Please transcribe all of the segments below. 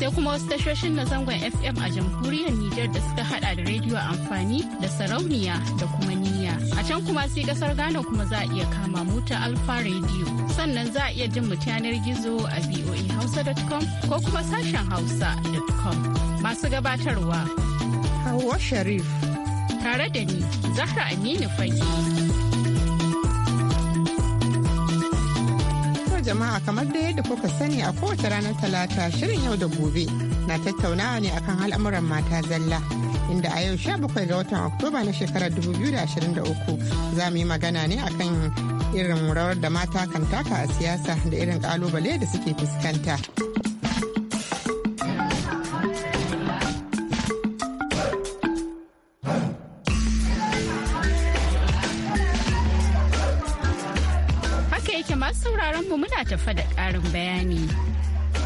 sai kuma wasu tashoshin na zangon FM a jamhuriyar Nijar da suka hada da rediyo amfani da sarauniya da kuma niyya. A can kuma sai kasar Ghana kuma za a iya kama mota Alfa Radio. Sannan za a iya jin mu yanar gizo a voahausa.com ko kuma sashen hausa.com. Masu gabatarwa. hawa Sharif. Tare da ni, Zahra Aminu Fage. jama'a kamar da yadda kuka sani a kowace ranar talata shirin yau da gobe na tattaunawa ne akan al'amuran mata zalla. Inda a yau sha bakwai ga watan Oktoba na shekarar 2023 za mu yi magana ne akan irin rawar da mata kan taka a siyasa da irin kalubale da suke fuskanta. muna tafa da ƙarin bayani.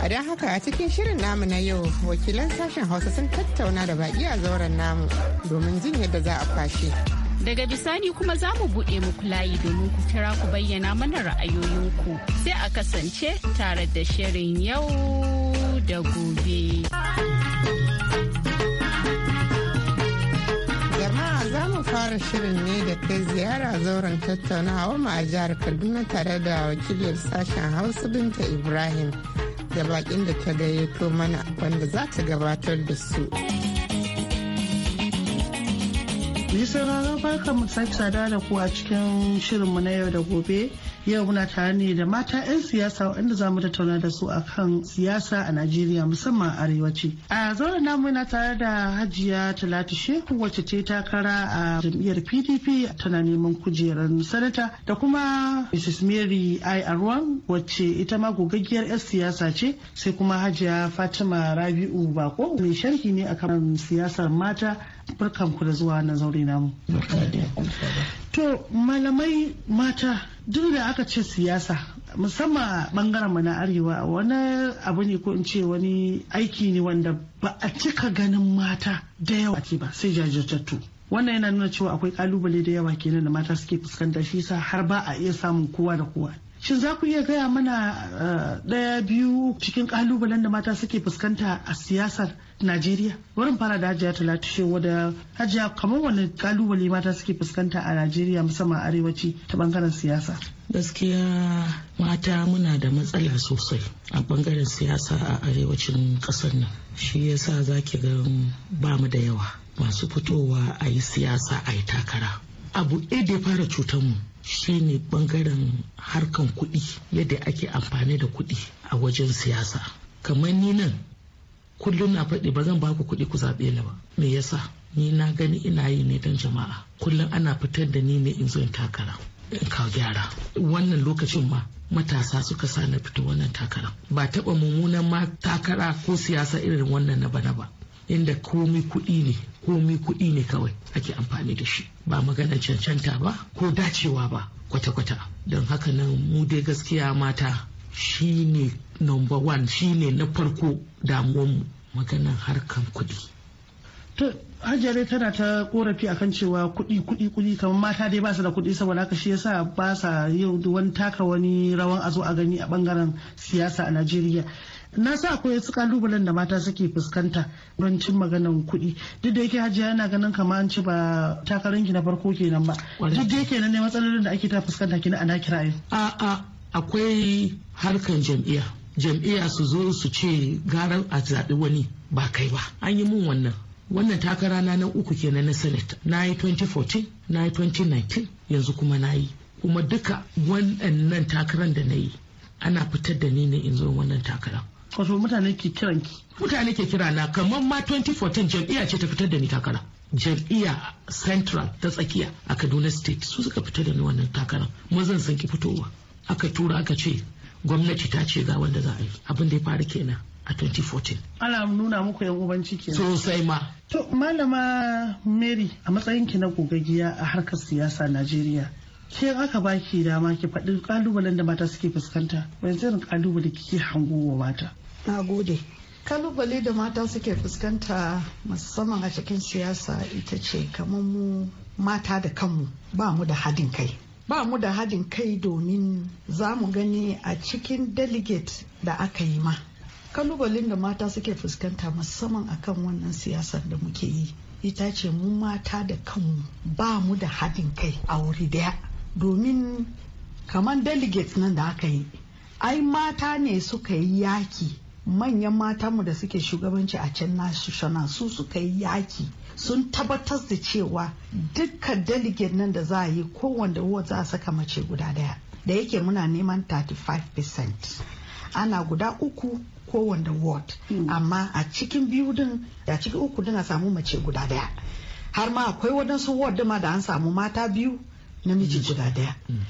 A don haka a cikin shirin namu na yau wakilan sashen Hausa sun tattauna da baƙi a zauren namu domin jin yadda za a kwashe. Daga bisani kuma za mu buɗe muku layi domin ku kira ku bayyana mana ra'ayoyinku sai a kasance tare da shirin yau da gobe. fara shirin ne da kai ziyara zauren tattaunawa ma a jihar kaduna tare da wakiliyar sashen hausa binta ibrahim da bakin da ta gayyato mana wanda za ta gabatar da su yi sauraron farkon mu da ku a cikin shirinmu na yau da gobe yau muna tare ne da mata 'yan siyasa waɗanda za mu tattauna da su akan siyasa a najeriya musamman a arewaci a zaune namu na tare da hajiya talatu shehu wacce ce takara a jam'iyyar pdp tana neman kujerar sanata da kuma mrs mary i arwan wacce ita ma gogaggiyar 'yan siyasa ce sai kuma hajiya fatima rabi'u bako mai sharhi ne akan siyasar mata barkanku da zuwa na zaure namu To malamai mata duk da aka ce siyasa musamman bangaren mu na arewa wani abu ne ko in ce wani aiki ne wanda ba a cika ganin mata da yawa ke ba sai jajirtattu wannan yana nuna cewa akwai kalubale da yawa kenan da mata suke fuskanta shi sa har ba a iya samun kowa da kowa Shin za ku iya gaya mana eh, ɗaya biyu cikin ƙalubalen da mata suke fuskanta a siyasar Najeriya? Wurin fara da Hajiya Talatu Shehu da Hajiya kamar wani ƙalubale mata suke fuskanta a Najeriya musamman arewaci ta bangaren siyasa? Gaskiya mata muna da matsala sosai a bangaren siyasa a arewacin ƙasar nan. Shi yasa za ki ga ba mu da yawa masu fitowa a yi siyasa a yi takara. Abu ɗaya da ya fara cutar mu. shine bangaren harkan kuɗi yadda ake amfani da kuɗi a wajen siyasa kamar ni nan kullum na faɗi ba zan baku kuɗi ku zaɓe ni ba me yasa ni na gani ina yi ne don jama'a kullum ana fitar da ni ne in zo in takara in kawo gyara wannan lokacin ma matasa suka sa na fito wannan takara ba taɓa mummunan ma takara ko siyasa irin wannan na ba bana ba inda komai kuɗi ne komi kuɗi ne kawai ake amfani da shi ba magana cancanta ba ko dacewa ba kwata-kwata don haka nan mu dai gaskiya mata shi ne number one shi ne na farko damuwanmu maganan harkan kuɗi to hajjare tana ta korafi akan cewa kuɗi kuɗi kuɗi kamar mata dai ba da kuɗi saboda haka shi yasa ba sa yin wani taka wani rawan a zo a gani a bangaren siyasa a najeriya na sa akwai wasu kalubalen da mata suke fuskanta don cin maganan kuɗi duk da yake hajiya yana ganin kamar an ci ba takarar ki na farko kenan ba duk da yake ne matsalolin da ake ta fuskanta kina ana kirayi a a akwai harkan jam'iyya jam'iyya su zo su ce garan a zaɓi wani ba kai ba an yi mun wannan wannan takara na na uku kenan na senate na yi 2014 na yi 2019 yanzu kuma na yi kuma duka wannan takarar da na yi ana fitar da ni ne in zo wannan takarar wato mutane ke kiran ki mutane ke kira na kamar ma 2014 jam'iyya ce ta fitar da ni takara jam'iyya central ta tsakiya a kaduna state su suka fitar da ni wannan takarar mazan san ki fitowa aka tura aka ce gwamnati ta ce ga wanda za a yi abin da ya faru kenan a 2014. Ana nuna muku yan ciki kenan. Sosai ma. To malama Mary a matsayin ki na gogagiya a harkar siyasa Najeriya. Ke aka baki dama ki faɗi kalubalen da mata suke fuskanta, wani irin kalubale kike hango wa mata? na gode kalubale da mata suke fuskanta musamman a cikin siyasa ita ce kamar mu mata da kanmu ba mu da hadin kai ba mu da hadin kai domin za mu gani a cikin delegate da aka yi ma kalubalen da mata suke fuskanta musamman a kan wannan siyasar da muke yi ita ce mu mata da kanmu ba mu da hadin kai a wuri daya domin kamar delegate nan da aka yi ai mata ne suka yi yaki manyan matanmu da suke shugabanci a can national su suka yi yaki sun tabbatar da cewa dukkan delegate nan da za a yi kowanda ward za a saka mace guda daya da yake muna neman 35% ana guda uku kowanda ward hmm. amma a cikin biyu din a cikin uku din a samu mace guda daya har ma akwai wadansu ward ma da an samu mata biyu namiji hmm. guda daya hmm.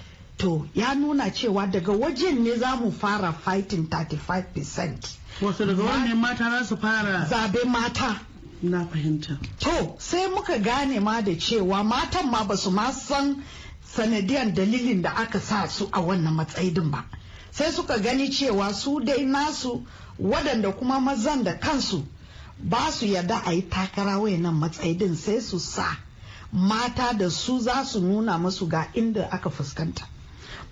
to ya nuna cewa daga wajen ne za mu fara fighting 35% wasu daga wannan mata za su fara zabe mata na fahimta to sai muka gane ma da cewa matan ma ba su ma san sanadiyar dalilin da aka sa su a wannan matsayin ba sai suka gani cewa su dai nasu waɗanda kuma mazan da kansu ba su yarda a yi takara wayannan matsayin sai su sa mata da su za su nuna masu ga inda aka fuskanta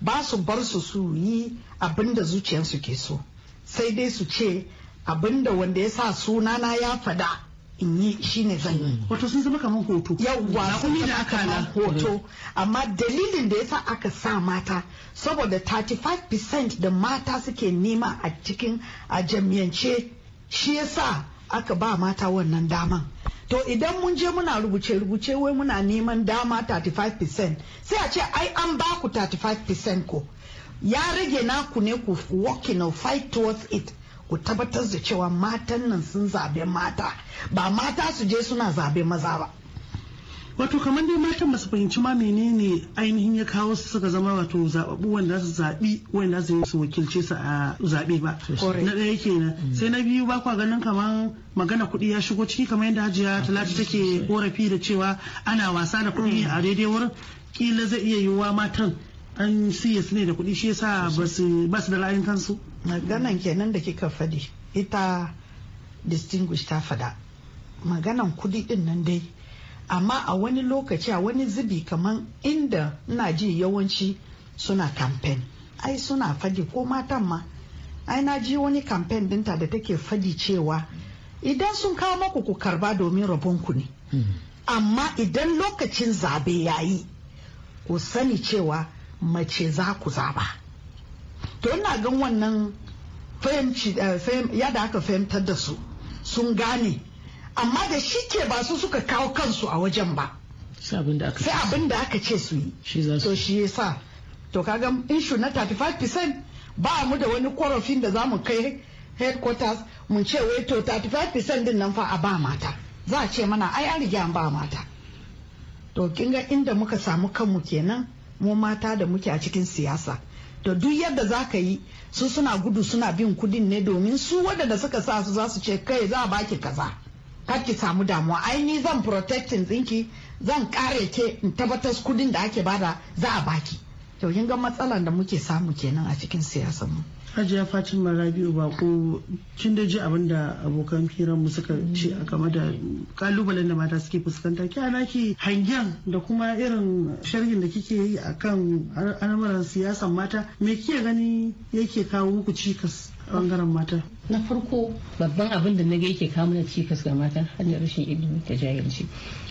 ba su bar su su yi abin da zuciyarsu ke so sai dai su ce abin da wanda ya sa sunana ya fada in yi shi ne zan yi wato sun zama kamar hoto yawwa sun da aka na hoto amma dalilin da ya sa aka sa mata saboda 35% da mata suke nema a cikin a jami'ance shi ya sa. aka ba mata wannan daman to idan mun je muna rubuce-rubuce wai muna neman dama 35% sai a ce ai an ba ku 35% ko ya rage naku ne ku walking or fight towards it ku tabbatar da cewa matan nan sun zabe mata ba mata su je suna zabe maza ba wato kamar dai matan ba su fahimci ma menene ainihin ya kawo su suka zama wato zababu wanda su zabi wanda su su wakilce su a zabe ba na ɗaya kenan mm. sai na biyu ba kwa ganin kamar magana kuɗi ya shigo ciki kamar yadda hajiya talatu take korafi da cewa ana wasa da kuɗi a daidai wurin kila zai iya yiwuwa matan an siya su ne da kuɗi shi yasa ba su da ra'ayin kansu maganan kenan da kika faɗi ita distinguish ta faɗa maganan kuɗi din nan dai amma a wani lokaci a wani zubi kaman inda ina ji yawanci suna kamfen ai suna fadi ko matan ma ai na ji wani kamfen dinta da take fadi cewa idan sun kawo maku ku karba domin rabonku ne hmm. amma idan lokacin zabe yayi ku sani cewa mace za ku zaba to ina gan wannan eh, yada aka fahimtar da su sun gane amma da shi ke ba su suka kawo kansu a wajen ba sai abin da aka ce su yi to shi ya sa to kaga inshu na 35% ba mu da wani korafin da za mu kai headquarters mun ce wai to 35% din nan fa a ba mata za a ce mana ai an riga an ba mata to kin ga inda muka samu kanmu kenan mu mata da muke a cikin siyasa to duk yadda za ka yi su suna gudu suna bin kudin ne domin su wadanda suka sa su za su ce kai za a baki kaza ki samu damuwa ai ni zan protectin tsinki zan kare ke in tabbatar kudin da ake bada za a baki to kin ga matsalar da muke samu kenan a cikin siyasar mu Hajiya Fatima ba ko kin da ji abin abokan firan mu suka ce a game da kalubalen da mata suke fuskanta ki ana ki hangen da kuma irin sharhin da kike yi akan al'amuran siyasar mata me kike gani yake kawo ku cikas bangaren mata na farko babban abin da na ga yake kawo mana cikas ga mata hanyar rashin ilimi da jahilci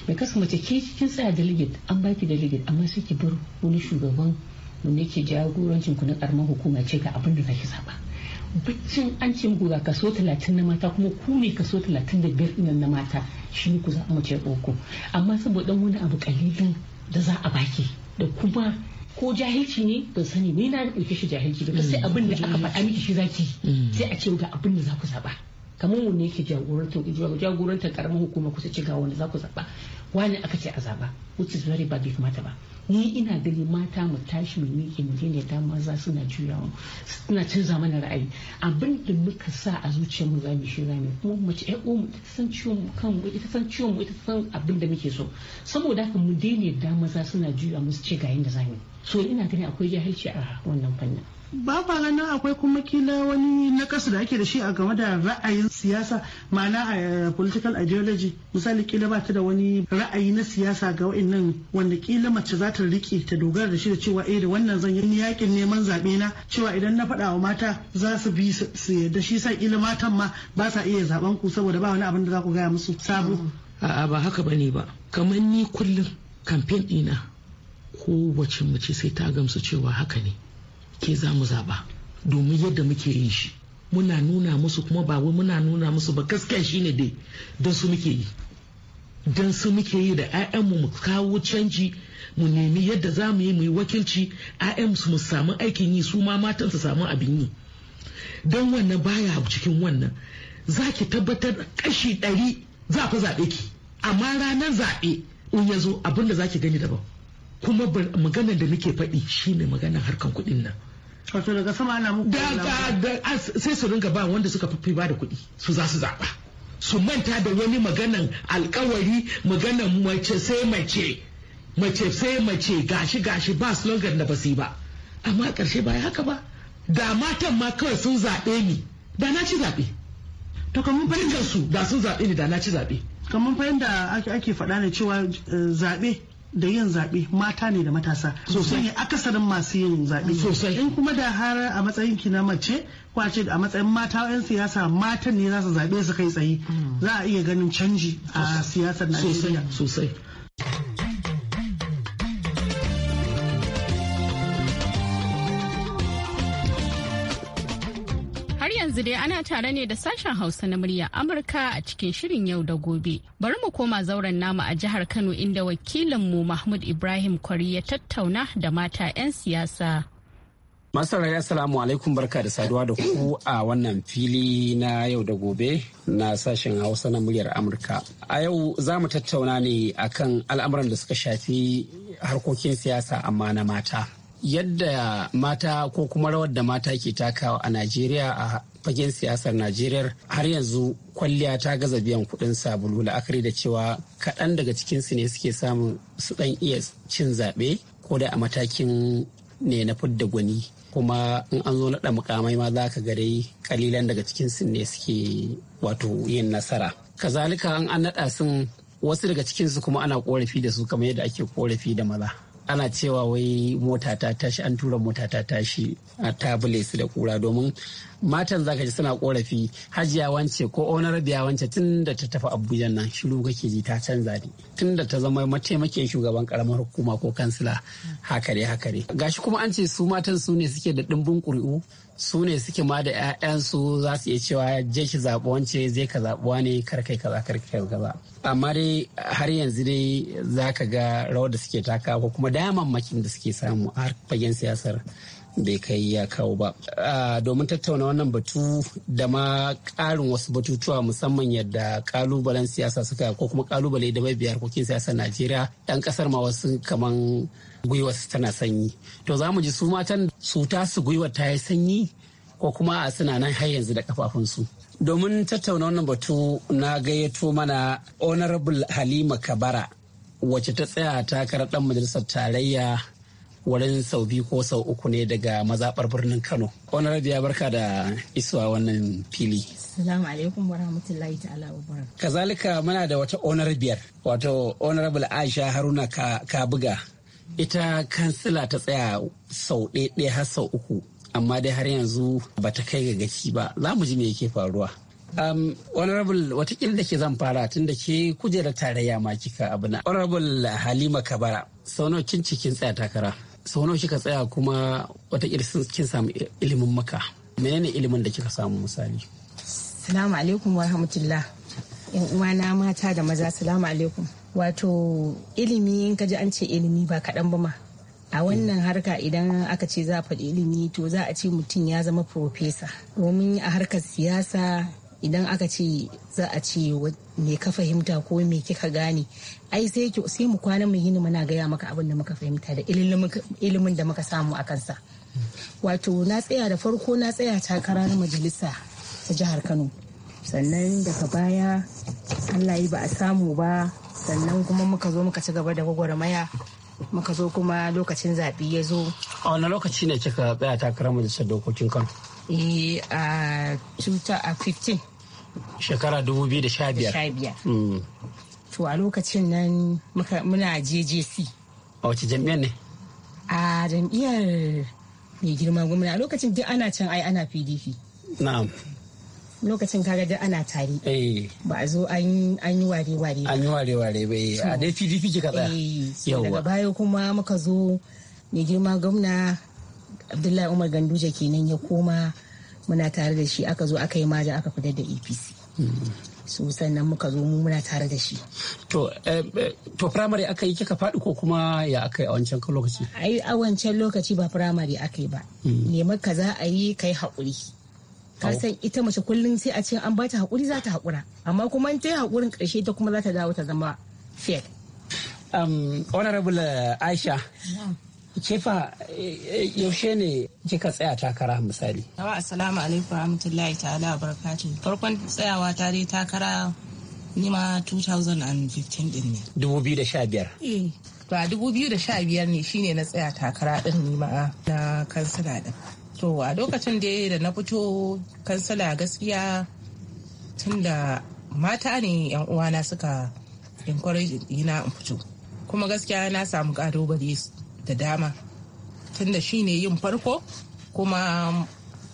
mai kasu mace ke cikin tsaya delegate an baki delegate amma sai ki bar wani shugaban wanda ke jagorancin ku na karamar hukuma ce ga abin da zaki zaba. baccin an ce muku ga kaso talatin na mata kuma ku ne kaso biyar ɗin na mata shi ne ku zaɓi mace ko amma saboda wani abu kalilin da za a baki da kuma ko jahilci ne ban sani ni na ɗauke shi jahilci ba sai abin da aka faɗa miki shi zaki mm. sai a ce ga abin da za ku zaɓa kamar mu ne ke jagorantar jagorantar karamar hukuma kusa ce ga wanda za ku zaɓa wani aka ce a zaɓa which is very bad bai kamata ba ni ina gani mata mu tashi mu miƙe mu daina da maza suna juyawa suna canza mana ra'ayi abin da muka sa a zuciyar mu zamu shi zamu kuma mace ƴan uwan mu ita san ciwon mu ita san abin da muke so saboda haka mu daina da maza suna juya mu su ce ga yanda zamu so ina gani akwai jahilci a wannan fannin ba ba ganin akwai kuma kila wani nakasu da ake da shi a game da ra'ayin siyasa ma'ana a eh, political ideology misali kila ba ta da wani ra'ayi na siyasa ga wa'annan wanda kila mace za ta rike ta dogara da shi da cewa eh da wannan zan yi yakin neman zaɓe na cewa idan na faɗa wa mata za su bi su yarda shi sa kila matan ma ba sa iya zaben ku saboda ba wani abin da za ku gaya musu sabo a'a ba haka bane ba kamar ni kullum kamfen ɗina kowace mace sai ta gamsu cewa haka ne ke za mu zaɓa domin yadda muke yin shi muna nuna musu kuma ba wai muna nuna musu ba gaskiya ne dai don su muke yi don su muke yi da 'ya'yanmu mu kawo canji mu nemi yadda za mu yi mu yi wakilci 'ya'yanmu su samu aikin yi su ma matan su samu abin yi don wannan baya cikin wannan za ki tabbatar kashi ɗari za ku zaɓe ki amma ranar zaɓe in ya zo abin da za ki gani daban kuma maganar da muke faɗi shine maganar harkar kuɗin nan wato daga sama ana muku da da sai su rinka ba wanda suka fi ba da kuɗi su za su zaɓa su manta da wani maganan alkawari maganan mace sai mace mace sai mace gashi gashi ba slogan da basi ba amma ƙarshe ba haka ba da matan ma kawai sun zaɓe ni da na ci zaɓe to kamar fahimtar su da sun zaɓe ni da na ci zaɓe kamar fahimta ake faɗa ne cewa eh, zaɓe da yin zaɓe mata ne da matasa sosai ne akasarin masu yin zaɓe sosai in kuma da har a matsayin ki na mace kwace a matsayin mata 'yan siyasa matan ne za su zaɓe su kai tsaye hmm. za a iya ganin canji a siyasar Najeriya sosai sosai har yanzu dai ana tare ne da sashen Hausa na murya Amurka a cikin shirin yau da gobe. Bari mu koma zauren namu a jihar Kano inda wakilinmu Mahmud Ibrahim Kwari ya tattauna da mata 'yan siyasa. ya salamu alaikum barka da saduwa da ku a wannan fili na yau da gobe na sashen Hausa na muryar Amurka. A yau za mu tattauna ne akan al'amuran da suka shafi harkokin siyasa amma na mata. yadda mata ko kuma rawar da mata ke takawa a najeriya a fagen siyasar najeriya har yanzu kwalliya ta gaza biyan kudin sabulu la'akari da cewa kaɗan daga cikinsu ne suke samun su ɗan iya cin zaɓe ko da a matakin ne na fidda gwani kuma in an zo naɗa mukamai ma za ka ga dai kalilan daga cikinsu ne suke wato yin nasara kazalika an naɗa sun wasu daga cikinsu kuma ana korafi da su kamar yadda ake korafi da maza ana cewa wai mota ta tashi an tura mota ta tashi a tabule su da kura domin matan zaka ji suna korafi hajiya wance ko biya wance tun da ta tafi abuja nan shiru kake ji ta canza ne tun da ta zama mataimakin shugaban karamar hukuma ko kansila hakare hakare gashi kuma an ce su matan su ne suke da dimbin ƙuri'u su ne suke ma da 'ya'yansu za su iya cewa je ki zaɓi wance zai ka zaɓuwa ne karkai kaza karkai kaza amma dai har yanzu dai za ga rawar da suke taka ko kuma damammakin da suke samu a fagen siyasar bai kai ya kawo ba domin tattauna wannan batu da ma ƙarin wasu batutuwa musamman yadda kalubalen siyasa suka ko kuma kalubale da bai biyar harkokin siyasa najeriya ɗan ƙasar ma wasu kaman su tana sanyi to za mu ji su matan su tasu gwiwa ta yi sanyi ko kuma a suna nan har yanzu da kafafunsu domin tattauna wannan batu na gayyato mana honorable halima kabara wacce ta tsaya takarar ɗan majalisar tarayya wurin sau biyu ko sau uku ne daga mazaɓar birnin kano Onar ya barka da isuwa wannan fili salamu alaikum wa rahmatullahi ta'ala wa Kazalika muna da wata onar biyar. wato honorable Aisha Haruna Kabuga ita kansila ta tsaya sau ɗaya har sau uku amma dai har yanzu ba ta kai ga gaci ba za mu ji me yake faruwa Um, honorable watakila da ke zan fara tun da ke kujerar tarayya ma kika abu na honorable halima kabara sau nawa kin cikin tsaya takara sau nawa kika tsaya kuma watakila kin samu ilimin maka menene ilimin da kika samu misali salamu alaikum wa rahmatullah yan uwana mata da maza salamu alaikum wato ilimi in ka ji an ce ilimi ba kaɗan ba ma a wannan harka idan aka ce za a faɗi ilimi to za a ce mutum ya zama profesa domin a harkar siyasa idan aka ce za a ce me ka fahimta ko me kika gane ai sai sai mu kwana mu yini muna gaya maka abin da muka fahimta da ilimin da muka samu a kansa wato na tsaya da farko na tsaya takara na majalisa ta jihar kano sannan daga baya allah yi ba a samu ba sannan kuma muka zo muka ci gaba da gwagwarmaya muka zo kuma lokacin zaɓe ya zo. A wani lokaci ne kika tsaya takarar majalisar dokokin kano Eh a 2015. shekara 2015 mm. to a lokacin nan muna jjc a wace jam'iyyar ne a jam'iyyar mai girma gwamna a lokacin duk ana can ai ana pdp na'am lokacin kaga duk ana tare eh. ba a zo an yi ware-ware an yi ware-ware bai eh. a dai pdp kika tsaya yawwa eh, daga baya kuma muka zo mai girma gwamna abdullahi umar ganduje kenan ya koma muna tare da shi aka zo aka yi maja aka fitar da apc e so sannan muka zo mu muna tare da shi to eh, eh, to primary aka yi kika faɗi ko kuma ya aka yi a wancan lokaci ai a wancan lokaci ba primary aka yi ba hmm. neman ka za a yi kai haƙuri ka oh. san ita mace kullum sai a ce an bata haƙuri za ta haƙura amma kuma in ta yi haƙurin ƙarshe ta kuma za ta dawo ta zama fair um honorable eh, aisha kefa eh, eh, yaushe ne kika tsaya takara misali yawa assalamu alaikum rahmatullahi ta'ala barakatuh farkon tsayawa ta dai takara nima 2015 din ne 2015 eh to a 2015 ne shine na tsaya takara din nima na kansila din to a lokacin da da na fito kansila gaskiya tun da mata ne yan uwana suka encourage ina in fito kuma gaskiya na samu ƙalubale da dama tunda shi ne yin farko kuma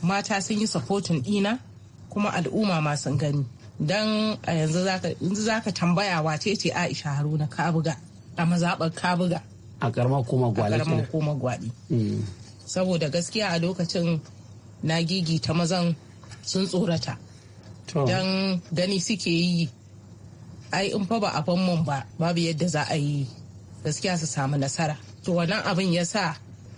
mata sun yi sapotin dina kuma al'umma masu gani don a yanzu za ka tambaya wace ce aisha haruna kabuga a mazaɓar kabuga a karamar koma gwali a koma gwale. Mm. saboda gaskiya a lokacin na gigi ta mazan sun tsorata don gani suke yi ai in fa ba a mun ba babu yadda za a yi gaskiya su samu nasara to wannan abin ya sa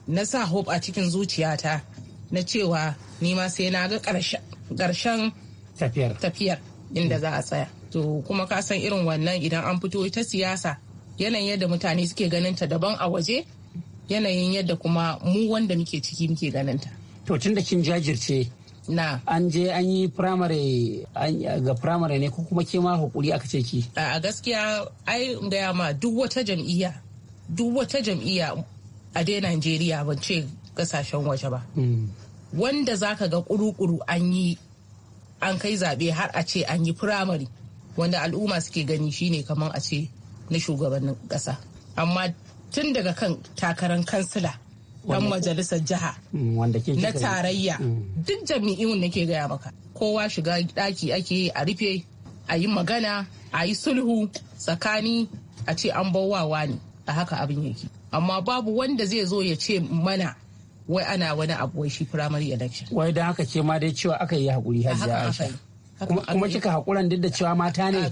na sa hope a cikin zuciyata na cewa ni ma sai na ga karshen. tafiyar inda za a tsaya to kuma ka san irin wannan idan an fito ta siyasa yanayin yadda mutane suke ganin ta daban a waje yanayin yadda kuma mu wanda muke ciki muke ganin ta to tun da kin jajirce na an je an yi primary ga primary ne ko kuma ke ma hukuri aka ce ki a gaskiya ai gaya ma duk wata jam'iyya duk wata jam'iyya a dai Najeriya ban ce kasashen waje ba. Mm. Wanda za ka ga kuru-kuru an yi an kai zaɓe har a ce an yi firamare wanda al'umma suke gani shine kamar a ce na shugabannin ƙasa. Amma tun daga kan takarar kansila dan majalisar jiha mm, na tarayya mm. duk jami'in nake gaya maka kowa shiga ɗaki ake a rufe a yi magana a yi sulhu tsakani a ce an bawa ne a haka abin yake amma babu wanda zai zo ya ce mana wai ana wani abu wai shi primary election wai da haka ce ma dai cewa aka yi hakuri hajiya aisha kuma kika hakuran duk da cewa mata ne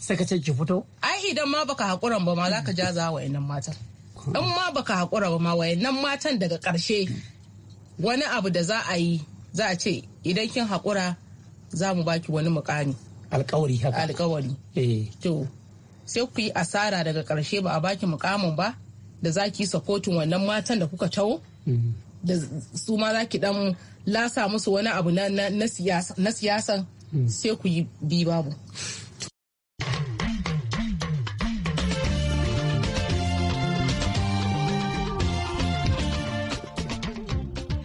saka ce ki fito ai idan ma baka hakuran ba ma ka jaza wa innan matan in ma baka hakura ba ma wayannan matan daga karshe wani abu da za a yi za a ce idan kin hakura za mu baki wani mukami alkawari haka alkawari eh. to sai ku yi asara daga karshe ba a baki mukamin ba da za ki isa wannan matan da kuka tawo mhm. da su ma za ki dan lasa musu wani abu na siyasa mhm. sai ku yi bi babu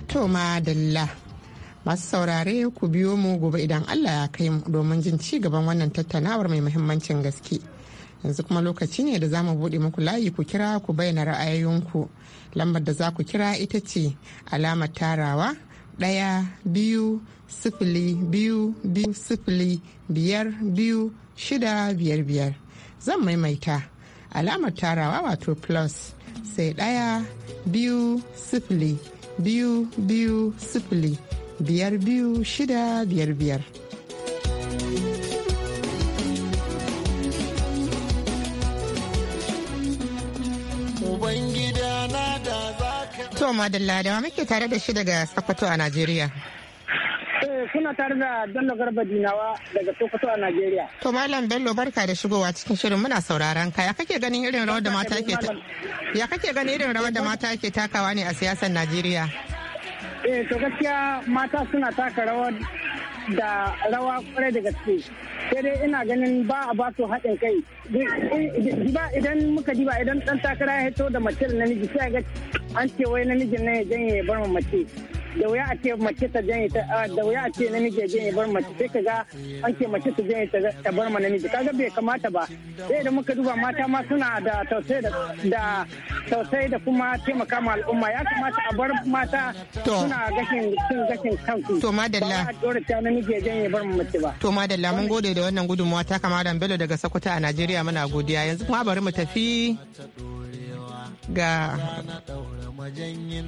toma dalla masu saurare ku biyo mu gobe idan Allah ya kai mu domin jin ci gaban wannan tattaunawar mai muhimmancin gaske. yanzu kuma lokaci ne da za mu buɗe muku layi ku kira ku bayyana ra'ayoyinku lambar da za ku kira ita ce alamar tarawa ɗaya biyu sifili biyu biyu sifili biyar biyu shida biyar biyar zan maimaita alamar tarawa wato plus sai ɗaya biyu sifili biyu biyu sifili biyar biyu shida biyar biyar To madalla da muke tare da shi daga Sokoto a Najeriya. Eh, suna tare da Bello Garba Dinawa daga Sokoto a Najeriya. To Malam Bello barka da shigowa cikin shirin muna sauraron ka. Ya kake ganin irin rawar da mata ke Ya kake ganin irin rawar da mata ke takawa ne a siyasar Najeriya? Eh to gaskiya mata suna taka rawar da rawa kwarai da gaske. sai dai ina ganin ba a ba su haɗin kai diba idan muka diba idan ɗan takara ya hito da mace da namiji sai ga an ce wai namijin na ya janye ya bar mace da wuya a ce mace ta janye ta da wuya a ce namiji ya janye bar mace sai kaga an ce mace ta janye ta bar ma namiji kaga bai kamata ba sai da muka duba mata ma suna da tausayi da tausayi da kuma taimaka ma al'umma ya kamata a bar mata suna gashin cin gashin kansu to madalla ba a dora ta namiji ya janye bar mace ba to madalla mun gode da wannan gudunmuwa ta da Bello daga Sokoto a Najeriya muna godiya yanzu kuma bari mu tafi ga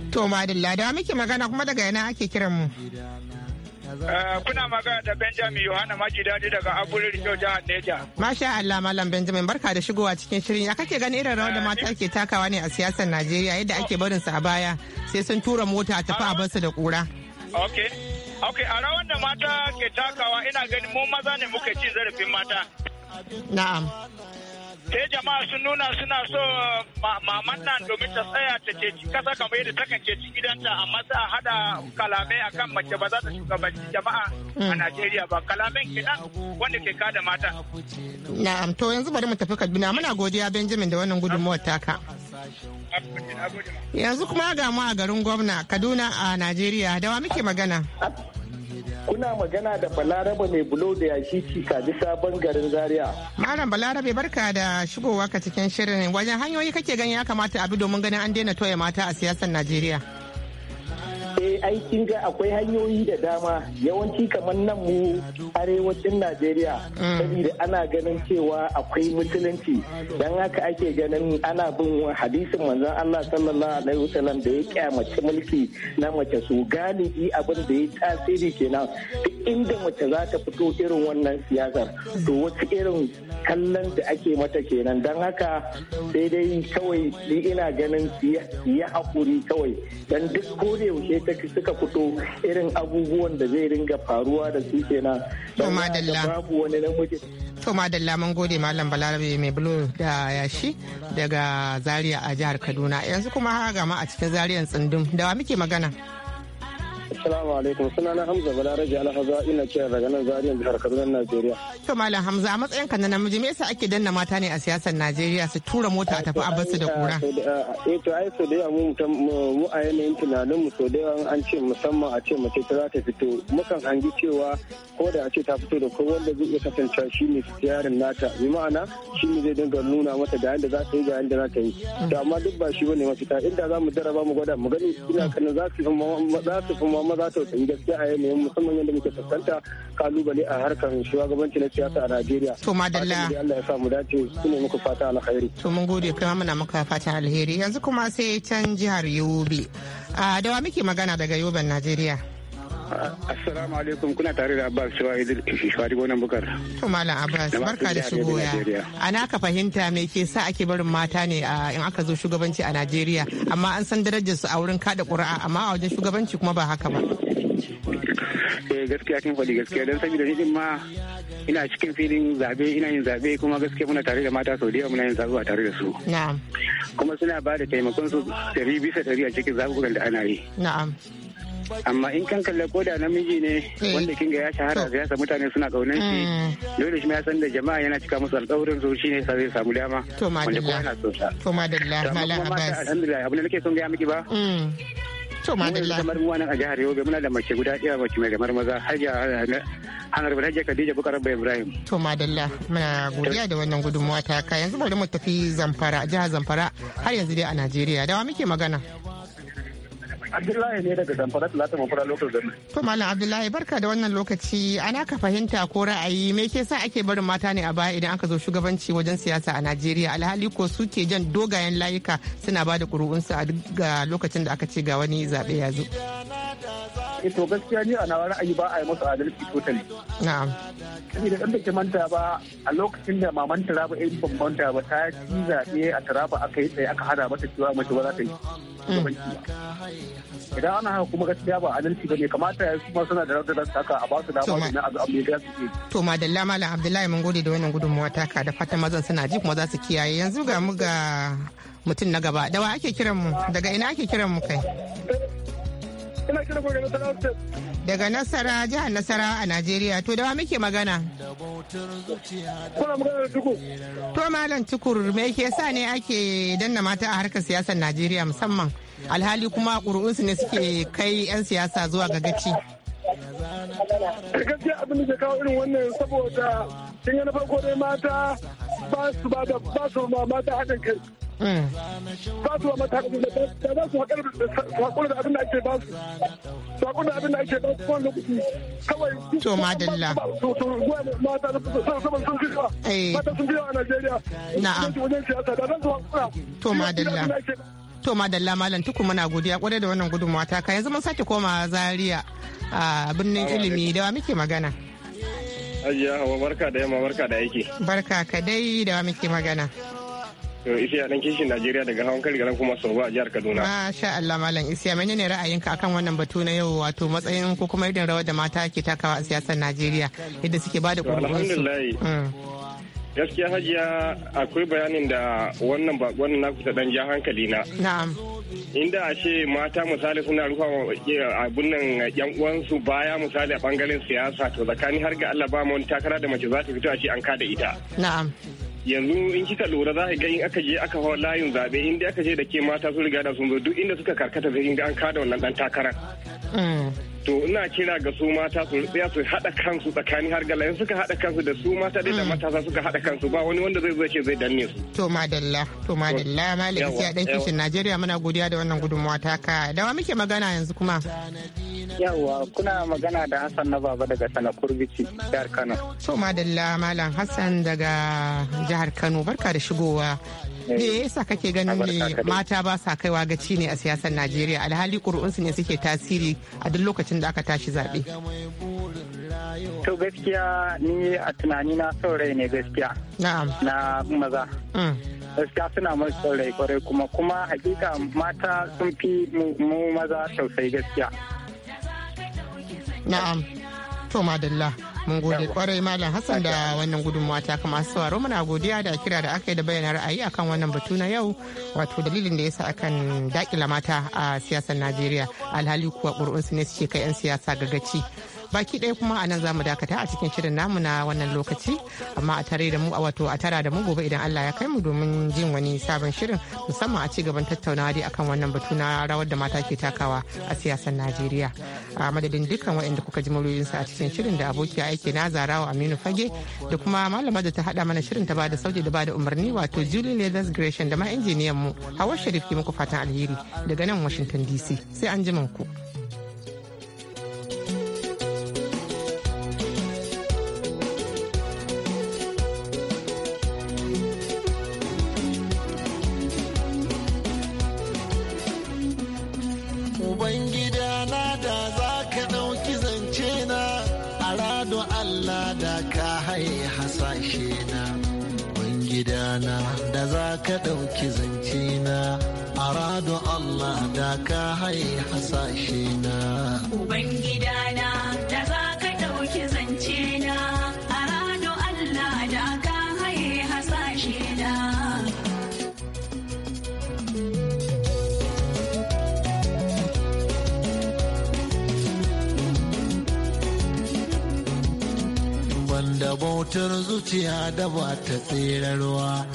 to madalla da muke magana kuma daga yana ake kiran mu eh, kuna magana da benjamin yohana maji dadi daga abuja rijiyar jihar neja masha allah malam benjamin barka da shigowa cikin shirin ya kake gani irin rawar da eh, mata ake takawa ne a siyasar najeriya yadda ake oh. barin su a baya sai sun tura mota a tafi ah. a basu da kura okay a rawar da mata ke takawa ina ganin mu maza ne muke cin zarafin mata Na'am. sai jama'a sun nuna suna so maman nan domin ta tsaya ta ceci kasa kamar yadda takan ceci gidanta amma za a hada kalamai kan mace ba za ta shugabanci jama'a a hmm. Najeriya ba kalamin kenan wanda ke kada mata. Na'am to yanzu bari mu tafi Kaduna muna godiya Benjamin da wannan gudunmuwar taka. Yanzu kuma ga mu a garin gwamna Kaduna a Najeriya da wa muke magana? kuna magana da balaraba mai bulo da yashi cika ji sabon garin zaria malam balarabe barka da shigowa ka cikin shirin wajen hanyoyi kake ganin ya kamata a bi domin ganin an daina toya mata a siyasar najeriya Eh aikin ga akwai hanyoyi da dama yawanci kamar nan mu arewacin Najeriya mm. saboda ana ganin cewa akwai musulunci dan haka ake ganin ana bin hadisin manzon Allah sallallahu alaihi wasallam da ya kyamace mulki na mace su galibi abin da ya tasiri kenan duk inda mace za ta fito irin wannan siyasar to wasu irin kallon da ake mata kenan dan haka daidai kawai ni ina ganin ya haƙuri kawai dan duk ko suka fito irin abubuwan da zai ringa faruwa da su kenan to madalla babu wani namiji to madalla mun gode malam balarabe mai bulo da yashi daga zaria a jihar kaduna yanzu kuma ga ma a cikin zariyan tsundum da wa muke magana Assalamu alaikum sunana Hamza Balaraji Alhaza ina kiran daga nan Zariyan jihar Kaduna Najeriya. To Malam Hamza a matsayin ka na namiji me yasa ake danna mata ne a siyasar Najeriya su tura mota a tafi a basu da kura? Eh to ai so da yawa mu a yanayin tunanin mu so da yawa an ce musamman a ce mace ta za ta fito mukan hangi cewa ko da a ce ta fito da kowa wanda zai iya kasance shi ne siyarin nata bi ma'ana shi ne zai dinga nuna mata da yadda za ta yi ga yadda za ta yi. To amma duk ba shi bane mafita inda za mu jarraba mu gwada mu gani ina kanin za su fi kuma maza tausayi gaskiya a yanayin musamman yadda muke fuskanta kalubale a harkar shugabanci na siyasa a Najeriya. To madalla. Allah ya sa mu dace su ne muku fata alheri. To mun gode kuma muna muka fatan alheri yanzu kuma sai can jihar Yobe. Ah, da wa muke magana daga Yoben Najeriya? Assalamu alaikum kuna tare da Abbas Shiwa Shiwari gonan bukar. To Malam Abbas barka da shigo ya. Ana ka fahimta me ke sa ake barin mata ne in aka zo shugabanci a Najeriya amma an san darajar su a wurin kada ƙura'a amma a wajen shugabanci kuma ba haka ba. Eh gaskiya kin faɗi gaskiya dan saboda ni ma ina cikin filin zabe ina yin zabe kuma gaskiya muna tare da mata sau da yawa muna yin zabe tare da su. Na'am. Kuma suna ba da taimakon su ɗari bisa ɗari a cikin zaɓuɓɓukan da ana yi. Na'am. amma in kan kalla koda namiji ne eh. wanda kin ga ya shahara ya sa mutane suna kaunan shi hmm. dole shi ya san da jama'a yana cika musu alƙawarin su shine sa zai samu dama to madalla to madalla malam abbas alhamdulillah abin da nake son ga miki ba hmm. to madalla kamar mu nan a jihar Yobe muna da mace guda daya mace mai gamar maza Hajiya Hanar eh, Hajiya kadija Bukar Abba Ibrahim to madalla muna godiya da wannan gudunmuwa ta ka yanzu bari mu tafi Zamfara jihar Zamfara har yanzu dai a Najeriya dawa muke magana Abdullahi ne daga Zamfara Talata Mafura Local Government. To Malam Abdullahi barka da wannan lokaci ana ka fahimta ko ra'ayi me ke sa ake barin mata ne a baya idan aka zo shugabanci wajen siyasa a Najeriya alhali ko suke jan dogayen layuka suna ba da ƙuri'unsu a duk lokacin da aka ce ga wani zaɓe ya zo. Eh, to gaskiya ni a nawa ra'ayi ba a yi masa adalci totali. Na'am. Saboda ɗan da manta ba a lokacin da maman Taraba ya yi bambanta ba ta ci zaɓe a Taraba aka yi tsaye aka hada mata cewa mace ba za ta yi. Idan ana haka kuma gaskiya ba adalci ba ne kamata ya kuma suna da rawar da haka a ba su dama na abu abu ya su ke. To madalla malam Abdullahi mun gode da wannan gudunmuwa taka da fatan mazan suna ji kuma za su kiyaye yanzu ga mu ga mutum na gaba dawa ake kiran mu daga ina ake kiran mu kai. Ina kira daga State. Daga Nasara, jihar nasara a Najeriya. To dawa muke magana? Kuna magana da Tukur. To Malam Tukur, me ke sa ne ake danna mata a harkar siyasar Najeriya musamman? Alhali kuma ƙuri'unsu ne suke kai 'yan siyasa zuwa ga gaci. gaskiya abin da ke kawo irin wannan saboda kin na farko dai mata ba su ba su ma mata haɗin kai ba su wa matakin da a Najeriya na'am to madalla to madalla malam muna godiya kwarai da wannan gudunmawa ta kai yanzu mun koma Zaria a birnin ilimi da wa muke magana Ajiya hawa barka da yamma barka da aiki. Barka ka dai da wa muke magana. Isiya dan kishin Najeriya daga hawan kari garan kuma sau a jihar Kaduna. Masha Allah Malam Isiya menene ra'ayinka akan wannan batu na yau wato matsayin ko kuma irin rawar da mata ke takawa a siyasar Najeriya yadda suke bada kuɗin hmm. gaskiya hajiya akwai bayanin da wannan bakon naku ta dan ja hankali na na'am inda a ce mata misali suna rufa abun nan yan uwansu baya misali a bangaren siyasa to tsakani har ga Allah ba mu takara da mace za ta fito a ce an kada ita na'am yanzu in kika lura za ka ga in aka je aka hawa layin zaɓe in dai aka je da ke mata sun riga da sun zo duk inda suka karkata sai in ga an kada wannan dan takarar. Mm. to ina kira ga su mata su tsaya su haɗa kansu tsakanin har galayen suka haɗa kansu da su mata da mm. matasa suka haɗa kansu ba wani wanda zai zo ce zai danne su. to madalla to madalla malam a ɗan kishin najeriya muna godiya da wannan gudunmawa taka dawa muke magana yanzu kuma. yawwa kuna magana da hassan na baba daga Sanakur Bichi, jihar kano. to madalla malam hassan daga jihar kano barka da shigowa Eh, me yasa kake ganin ne mata ba sa kaiwa gaci ne a siyasar Najeriya alhali ƙuri'unsu ne suke tasiri a duk lokacin da aka tashi zaɓe. To gaskiya ni a tunani na son rai ne gaskiya. Na maza. Mm. gaskiya suna mun rai kwarai kuma kuma hakika mata sun fi mu maza sosai gaskiya. Na'am. To madalla. mun gode kwarai malam hassan da wannan gudunmawa ta kama sauraro muna godiya da kira da aka yi da bayyana ra'ayi akan wannan batu na yau wato dalilin da yasa akan dakila mata a siyasar najeriya alhali kuwa ƙuri'unsu ne suke kai 'yan siyasa gagaci baki ɗaya kuma a nan za mu dakata a cikin shirin namu na wannan lokaci amma a tare da mu a wato a tara da mu gobe idan Allah ya kai mu domin jin wani sabon shirin musamman a ci gaban tattaunawa dai akan wannan batu na rawar da mata ke takawa a siyasar Najeriya a madadin dukkan waɗanda kuka ji muryoyinsu a cikin shirin da abokiya aiki na Zarawa Aminu Fage da kuma malama da ta haɗa mana shirin ta ba da sauti da ba da umarni wato Julie Leathers Gresham da ma injiniyan mu Hawwa Sharif muku fatan alheri daga nan Washington DC sai an ji ku. za ka ɗauki zance na aradu Allah da ka hai hasashe na ubangida na da za ka ɗauki zance na aradu Allah da ka hai hasashe na banda bautar zuciya da ba ta tserarwa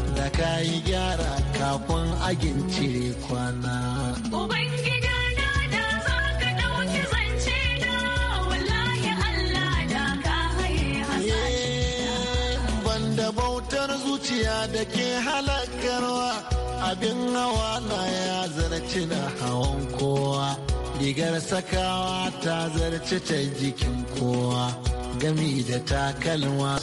da ka yi gyara kafin a kwana. Ubangida da eh, Banda bautar zuciya da ke halakarwa abin hawa na ya zarci na hawan kowa. Rigar sakawa ta zarci ta jikin kowa gami da takalma